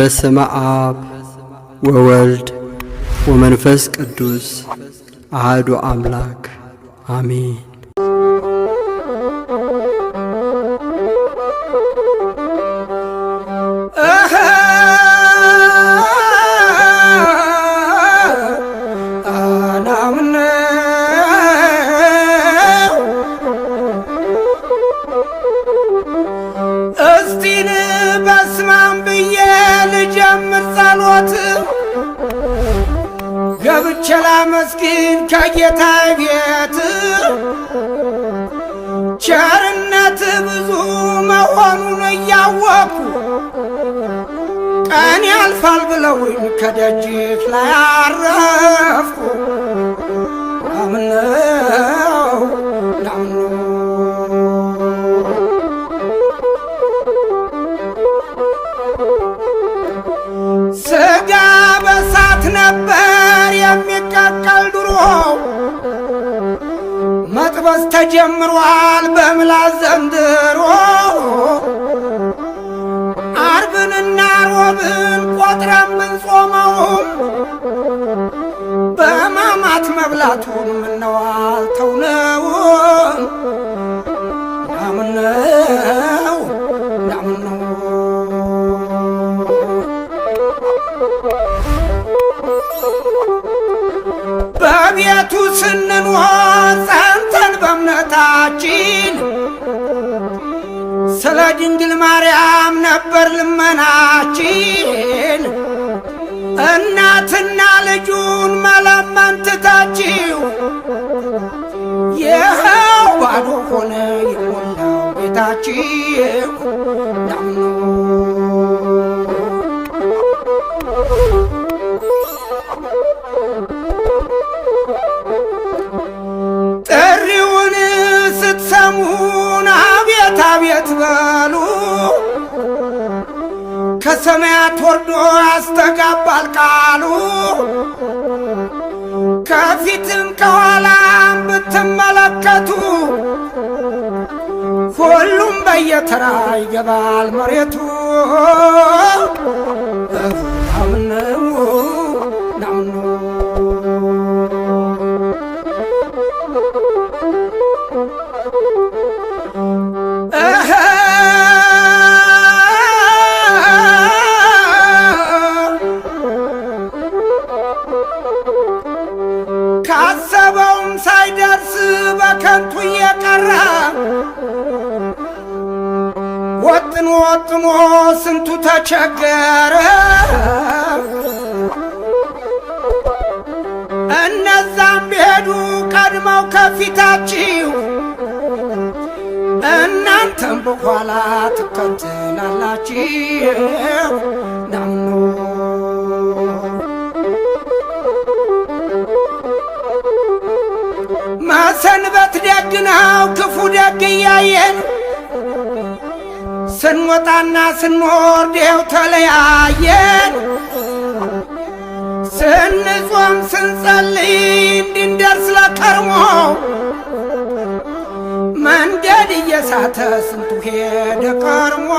በስመ አብ ወወልድ ወመንፈስ ቅዱስ አህዱ አምላክ አሜን። ፊት ላይ አረፍኩ አምነው ዳምኖ ስጋ በሳት ነበር የሚቀቀል ድሮ መጥበስ ተጀምሯል በምላስ ዘንድሮ አርብንና ሮብን ቆጥረም ቆመው በሕማማት መብላቱን ምነው አልተውነው? ናምነው ናምነው በቤቱ ስንኖር ጸንተን በእምነታችን ስለ ድንግል ማርያም ነበር ልመናችን። እናትና ልጁን መለመን ትታችሁ ይኸው ባዶ ሆነ የሞላው ቤታችሁ ናምኑ ጥሪውን ስትሰሙን አቤት አቤት በሉ ከሰማያት ወርዶ ያስተጋባል ቃሉ ከፊትም ከኋላም ብትመለከቱ ሁሉም በየተራ ይገባል መሬቱ ናምኑ ተለቅሞ ስንቱ ተቸገረ። እነዛም ቢሄዱ ቀድመው ከፊታችሁ እናንተም በኋላ ትከተላላችሁ። ናምኑ መሰንበት ደግ ነው፣ ክፉ ደግ እያየን ስንወጣና ስንወርድ ይኸው ተለያየን። ስንጾም ስንጸልይ እንድንደርስ ለከርሞ መንገድ እየሳተ ስንቱ ሄደ ቀርሞ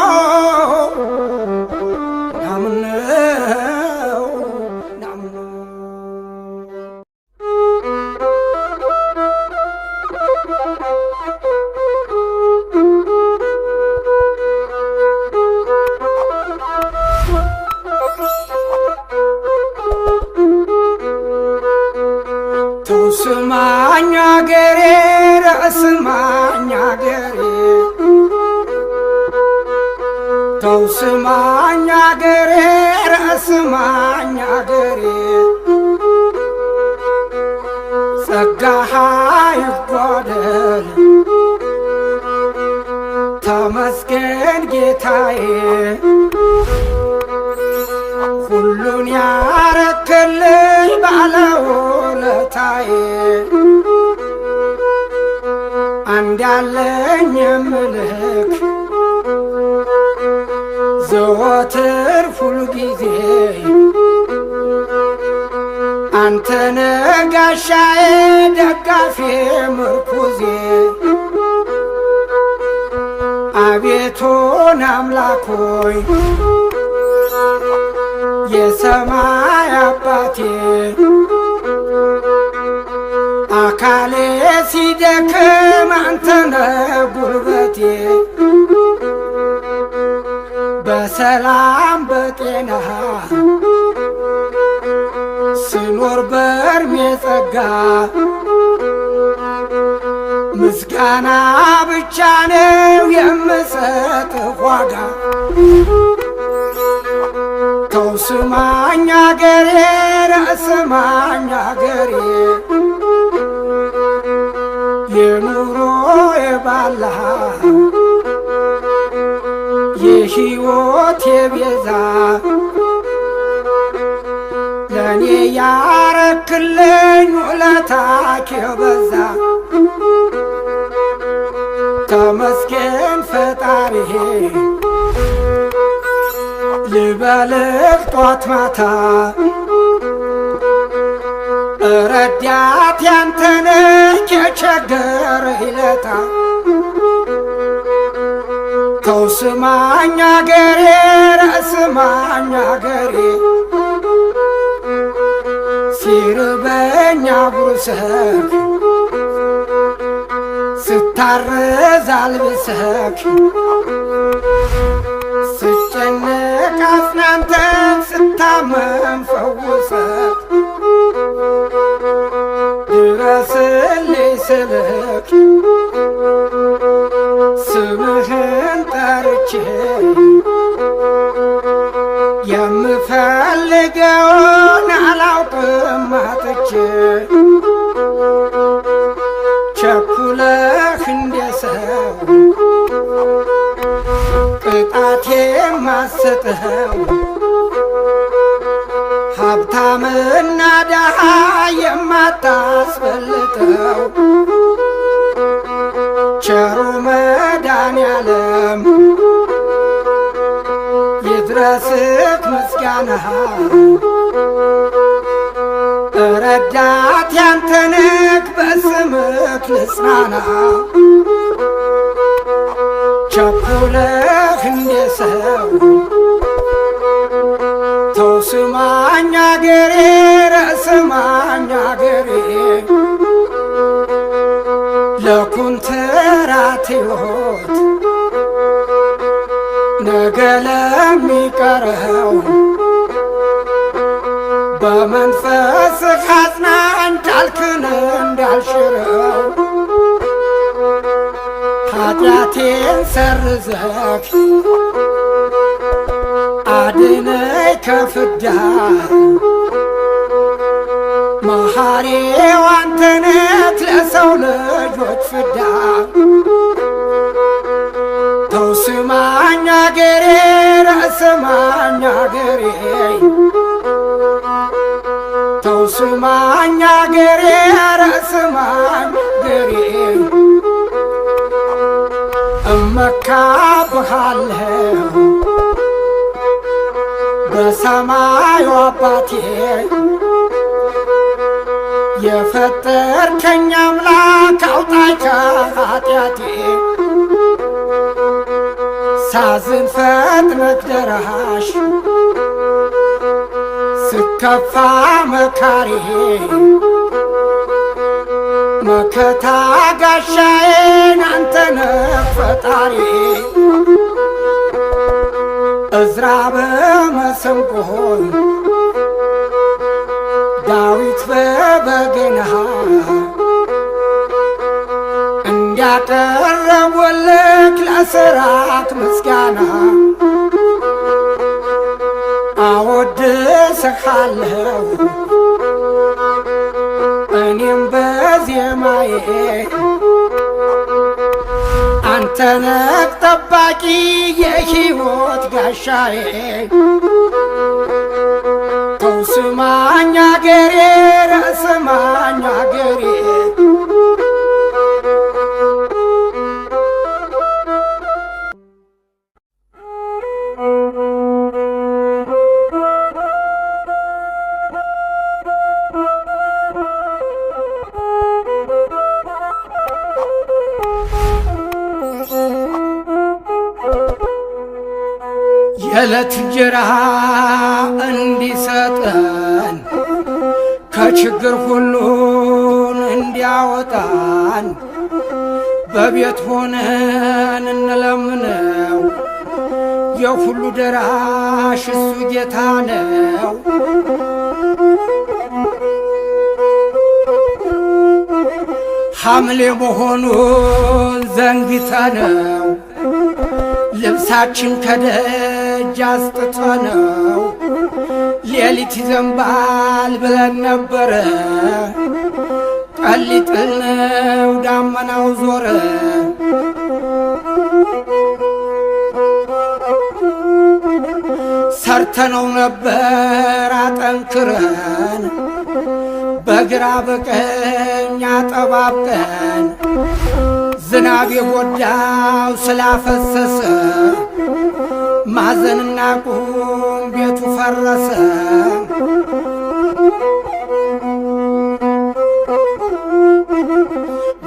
ሁሉን ያረክልኝ ባለውለታዬ አንድ ያለኝ የምልህ ሆይ የሰማይ አባቴ አካሌ ሲደክም አንተነ ጉልበቴ በሰላም በጤና ስኖር በርሜ ጸጋ ምስጋና ብቻ ነው የምሰጥህ ዋጋ ተው ስማኝ አገሬ ረስማኝ አገሬ የኑሮ የባላ የሕይወት የቤዛ ለእኔ ያረክልኝ ውለታ የበዛ ተመስገን ፈጣሪሄ ልበልህ ጧት ማታ እረዳት ያንተነህ የቸገረህ ይለታ ተው ስማኝ አገሬ ረስማኝ አገሬ ሲርበኛ ጉርሰህ ይታረዛል ብሰክ ሀብታምና ደሃ የማታስፈልጠው ቸሩ መድኃኔዓለም ይድረስት ምስጋና ረዳት ያንተነክ በስምክ ልጽናና ቸኩለህ እንደ አገሬ ርዕሰ ማኛ አገሬ ለኩንትራት ሕይወት ነገ ለሚቀረው በመንፈስ ካጽና እንዳልክን እንዳልሽረው ኃጢአቴን ሰርዘክ አድነይ ከፍዳ መሐሪው አንተነት ለሰው ልጆች ፍዳ ተውስማኛ ገሬ ረእስማኛ ገሬ ተውስማኛ ገሬ ረእስማኝ ገሬ እመካብሃለሁ በሰማዩ አባቴ የፈጠርከኝ አምላክ አውጣኝ ከኃጢአቴ ሳዝን ፈጥነህ ደራሽ ስከፋ መካሬ መከታ ጋሻዬን አንተ ፈጣሪ እዝራ በመሰንቆ ዳዊት በበገና እንዳቀረብወለክ ለአስራት ምስጋና አወድስሃለሁ እኔም በዜማዬ አንተነህ ጠባቂ የሕይወት ጋሻዬ ተው ስማኛ ገሬ ስማኛ ገሬ የዕለት እንጀራ እንዲሰጠን ከችግር ሁሉን እንዲያወጣን በቤት ሆነን እንለምነው። የሁሉ ደራሽ እሱ ጌታ ነው። ሐምሌ መሆኑን ዘንግተነው ልብሳችን ከደ ደጅ ሌሊት ይዘንባል ብለን ነበረ። ጠሊጥነው ዳመናው ዞረ። ሰርተነው ነበር አጠንክረን በግራ በቀኝ አጠባብቀን ዝናብ የጎዳው ስላፈሰሰ ማዘንና ቁም ቤቱ ፈረሰ።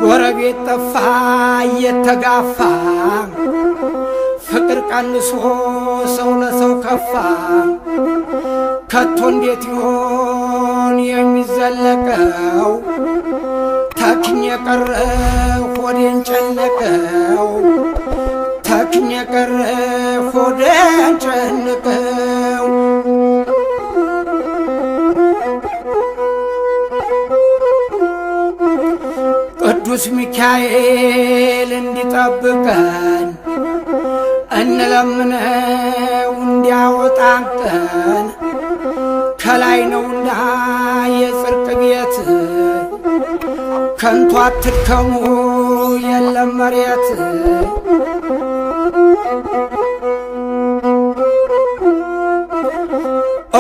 ጎረቤት ጠፋ እየተጋፋ ፍቅር ቀንሶ ሰው ለሰው ከፋ። ከቶ እንዴት ይሆን የሚዘለቀው? ታክኝ የቀረው ሆዴን ጨነቀው ተክኝ የቀረው ሆዴን ጨነቀው ቅዱስ ሚካኤል እንዲጠብቀን እንለምነው እንዲያወጣን ከላይ ነውና የጽርቅ ቤት ከንቱ አትድከሙ የለም መሬት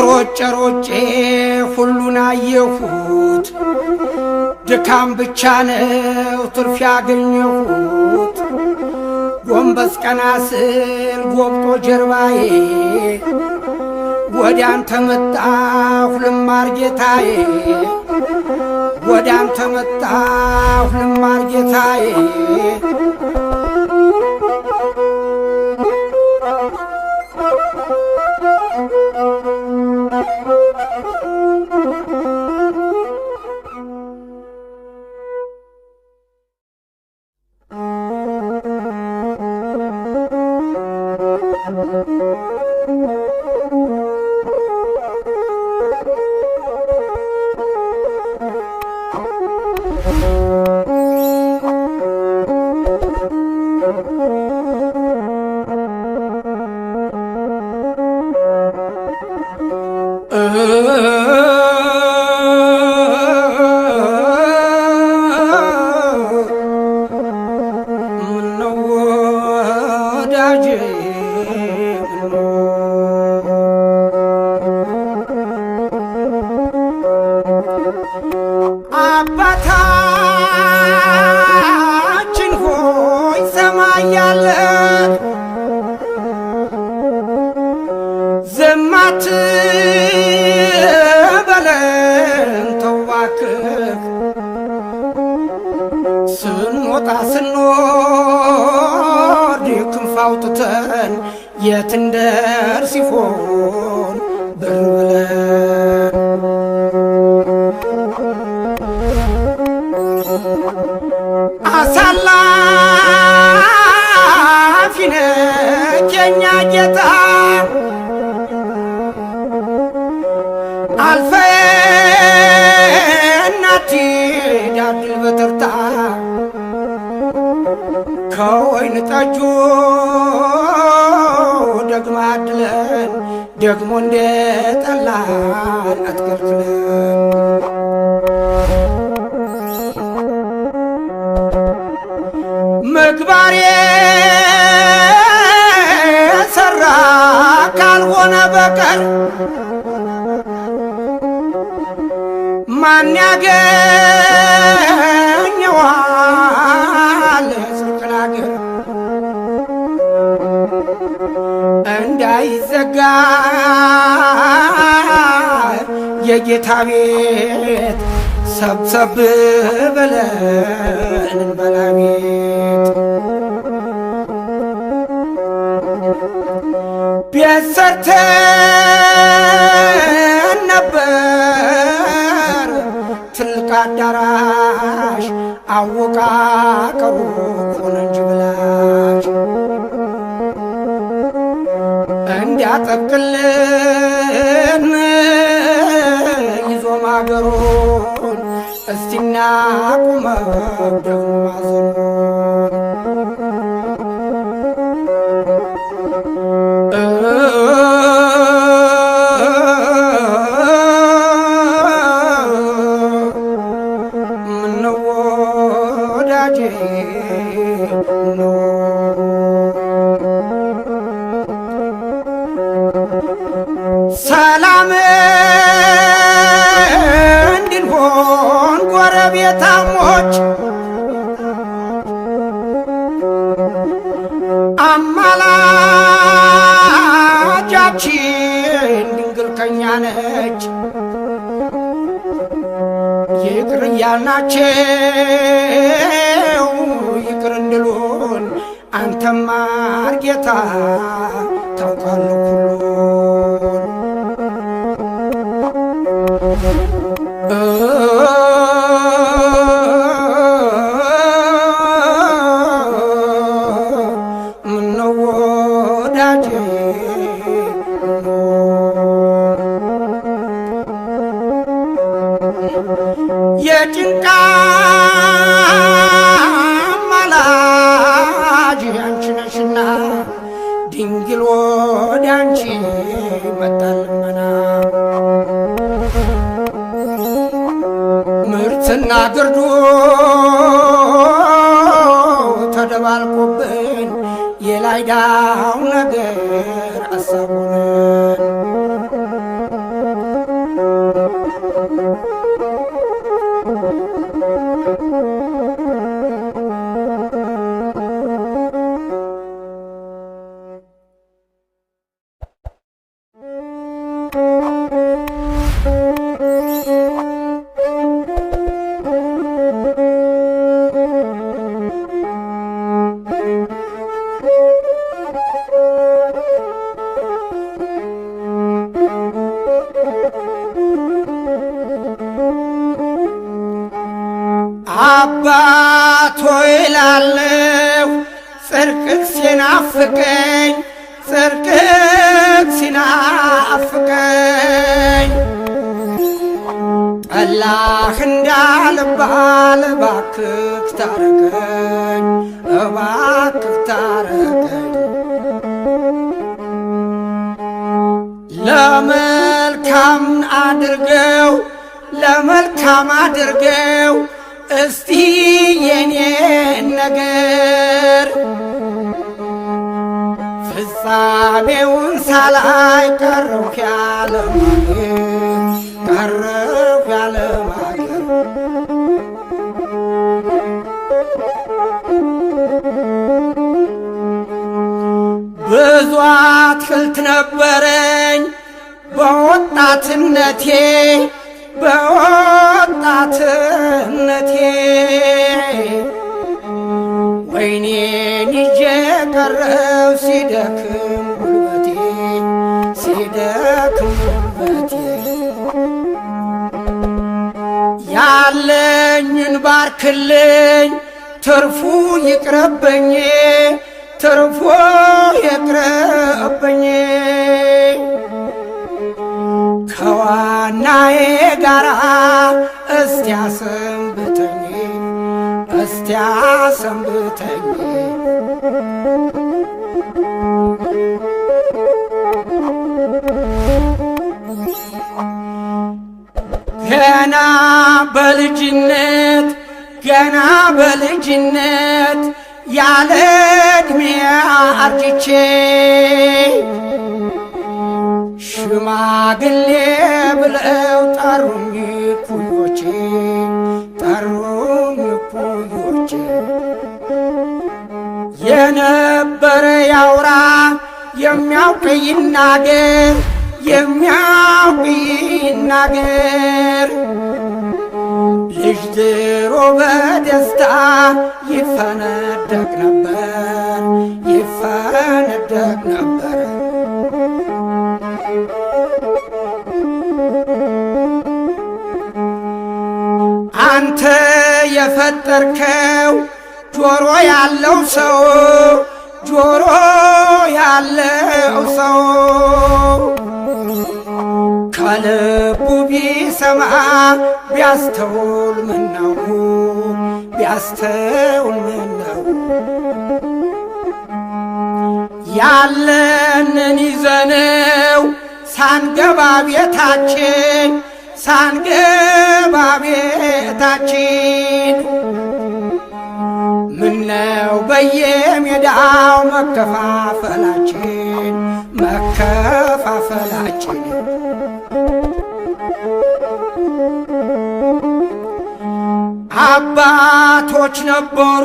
ሮጬ ሮጬ ሁሉን አየሁት ድካም ብቻ ነው ትርፍ ያገኘሁት። ጎንበስ ቀና ስል ጎብጦ ጀርባዬ ወደ አንተ መጣሁ ልማር ጌታዬ፣ ወደ አንተ መጣሁ ልማር ጌታዬ አውጥተን የት እንደርስ ይሆን ወይን ጠጁ ደግሞ አድለን ደግሞ እንደጠላን ጠላን አትከልክለን ምግባር የሰራ ካልሆነ በቀር ማን ያገኘዋል? እንዳይዘጋ የጌታ ቤት ሰብሰብ በለን እንበላ ቤት ቤት ሰርተን ነበር ትልቅ አዳራሽ አወቃቀሩ ሆነ እንጂ ያጠብቅልን ይዞ ማገሩን እስቲና ቁመ ያለማገር ቀረፍ ብዙ አትክልት ነበረኝ በወጣትነቴ በወጣትነቴ ወይኔን ይዤ ቀረብ ሲደክም አለኝ ባርክልኝ ትርፉ ይቅረበኝ ትርፉ ይቅረበኝ ከዋናዬ ጋራ እስቲያ ሰንብተኝ እስቲያ ሰንብተኝ ልጅነት ያለ ዕድሜ አርጅቼ ሽማግሌ ብለው ጠሩኝ እኩዮቼ ጠሩኝ እኩዮቼ የነበረ ያውራ የሚያውቅ ይናገር የሚያውቅ ይናገር ልጅ ድሮ በደስታ ይፈነደቅ ነበር ይፈነደቅ ነበር። አንተ የፈጠርከው ጆሮ ያለው ሰው ጆሮ ያለው ሰው ከልቡ ቢሰማ ቢያስተውል ምነው ቢያስተውል ምነው ያለንን ይዘነው ሳንገባ ቤታችን ሳንገባ ቤታችን ምነው በየሜዳው መከፋፈላችን መከፋፈላችን አባቶች ነበሩ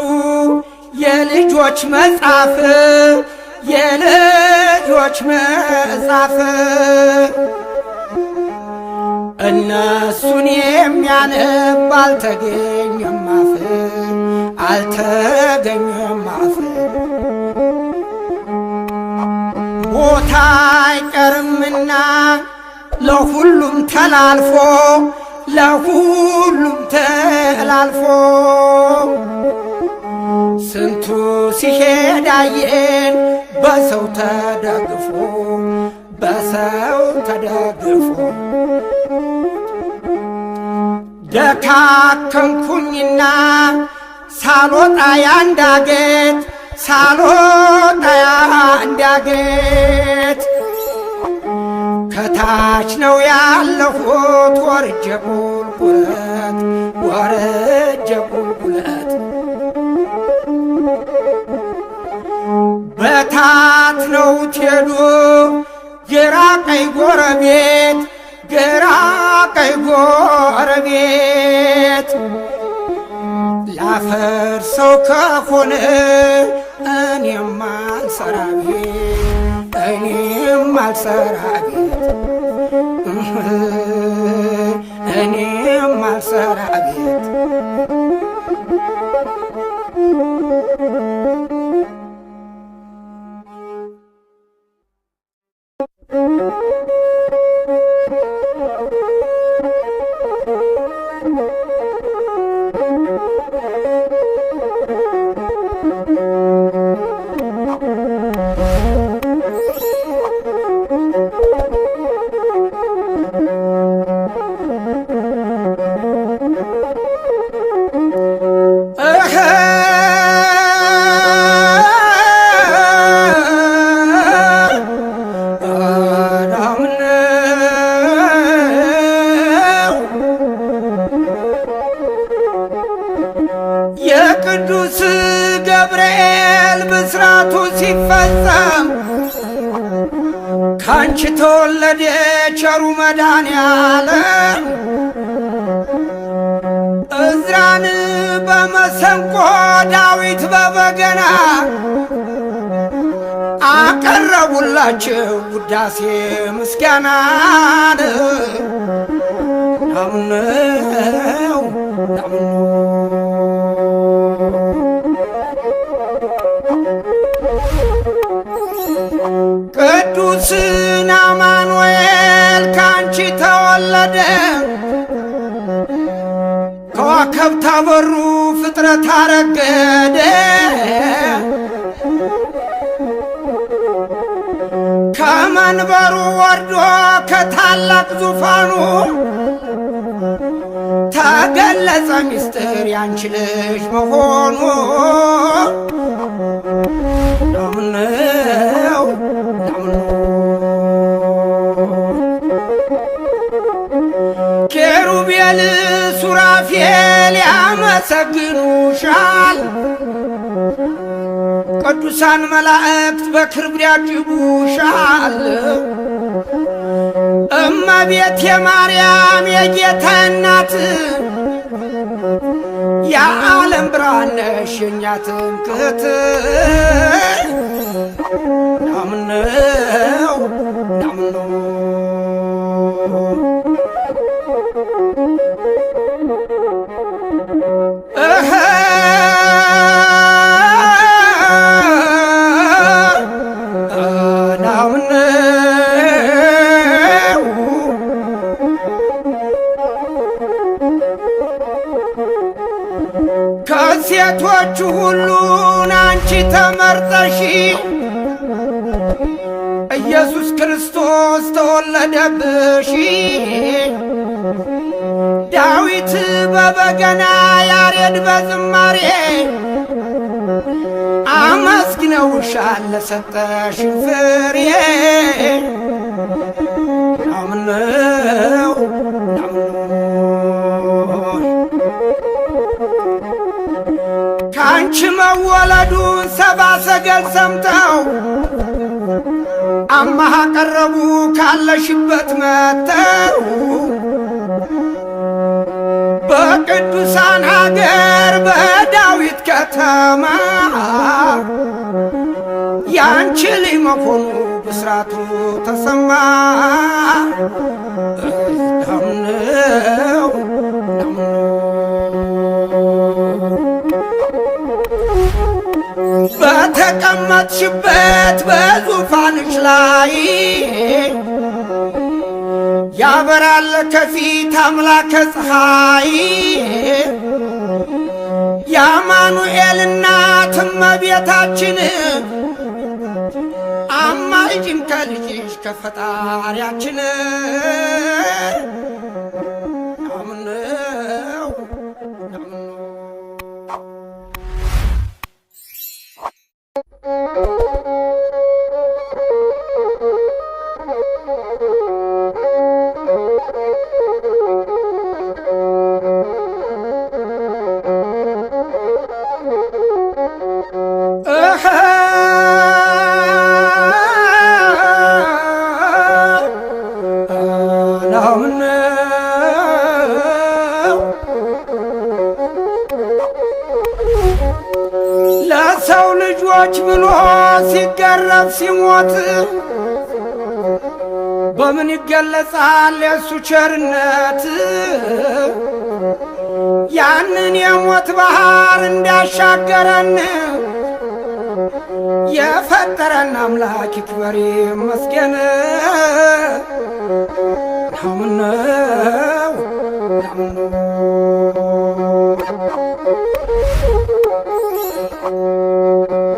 የልጆች መጽሐፍ የልጆች መጽሐፍ እነሱን የሚያነብ አልተገኘም አፍ አልተገኘም አፍ ቦታ አይቀርምና ለሁሉም ተላልፎ ለሁሉም ተላልፎ ስንቱ ሲሄድ አየን በሰው ተደግፎ በሰው ተደግፎ ደካከንኩኝና ሳሎጣ ያንዳገት ሳሎጣ ያንዳገት ከታች ነው ያለሁት ወርጀ ቁልቁለት ወርጀ ቁልቁለት በታት ነው ቴዱ የራቀይ ጎረቤት የራቀይ ጎረቤት ላፈር ሰው ከሆነ እኔማ ሰራቤት እኔም አልሰራ ቤት እኔም አልሰራ ቤት Thank you. ላንቺው ውዳሴ ምስጋና ናሙነው ናሙኑ ቅዱስን አማኑኤል ካንቺ ተወለደ ከዋከብታ በሩ ፍጥረት አረገደ ከመንበሩ ወርዶ ከታላቅ ዙፋኑ ተገለጸ ሚስጥር ያንቺ ልጅ መሆኑ ዳምነው ሱራፌል ያመሰግኑሻል ቅዱሳን መላእክት በክብር ያጅቡሻለሁ። እመቤት የማርያም የጌታ እናት የዓለም ብርሃን ነሽ የእኛ ትምክህት ናምነ የሰጠሽን ፍሬ አምነው ከአንቺ መወለዱን ሰባ ሰገል ሰምተው አማሃ ቀረቡ ካለሽበት መተው በቅዱሳን ሀገር በዳዊት ከተማ ያንቺ ልጅ መሆኑ ብስራቱ ተሰማ። ዳምነው በተቀመጥሽበት በዙፋንሽ ላይ ያበራል ከፊት አምላከ ፀሐይ ያማኑኤልና እናት እመቤታችን ከልጅም ከልጅሽ ከፈጣሪያችን የእርሱ ቸርነት ያንን የሞት ባህር እንዳሻገረን የፈጠረን አምላክ ይክበር ይመስገን። ናምነው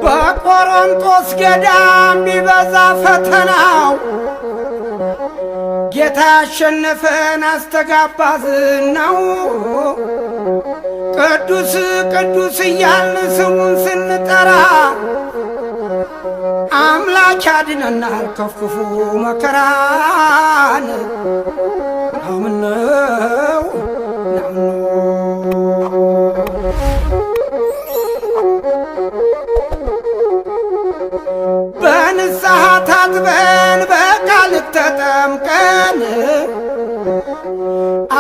በቆሮንቶስ ገዳም ቢበዛ ፈተናው ጌታ አስተጋባዝ አስተጋባ ዝናው ቅዱስ ቅዱስ እያልን ስሙን ስንጠራ አምላክ ያድነናል ከክፉ መከራን ናምነው በንስሐ ታጥበን ካልክ ተጠምቀን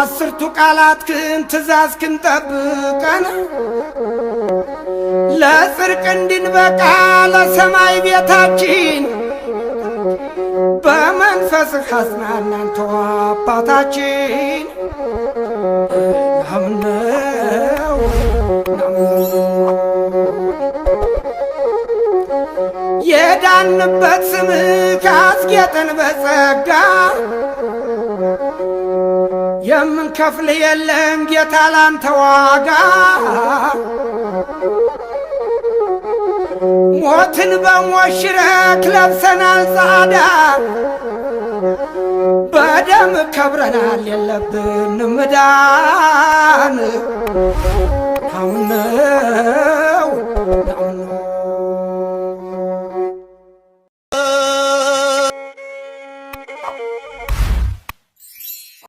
አስርቱ ቃላትክን ትእዛዝክን ጠብቀን ለጽርቅ እንድንበቃ ለሰማይ ቤታችን በመንፈስህ አጽናናን ተው አባታችን። ባልንበት ስም ካስጌጠን በጸጋ የምንከፍል የለም ጌታ ላንተ ዋጋ ሞትን በሞት ሽረክ ለብሰናል ጻዳ በደም ከብረናል የለብን ምዳን አሁን ነው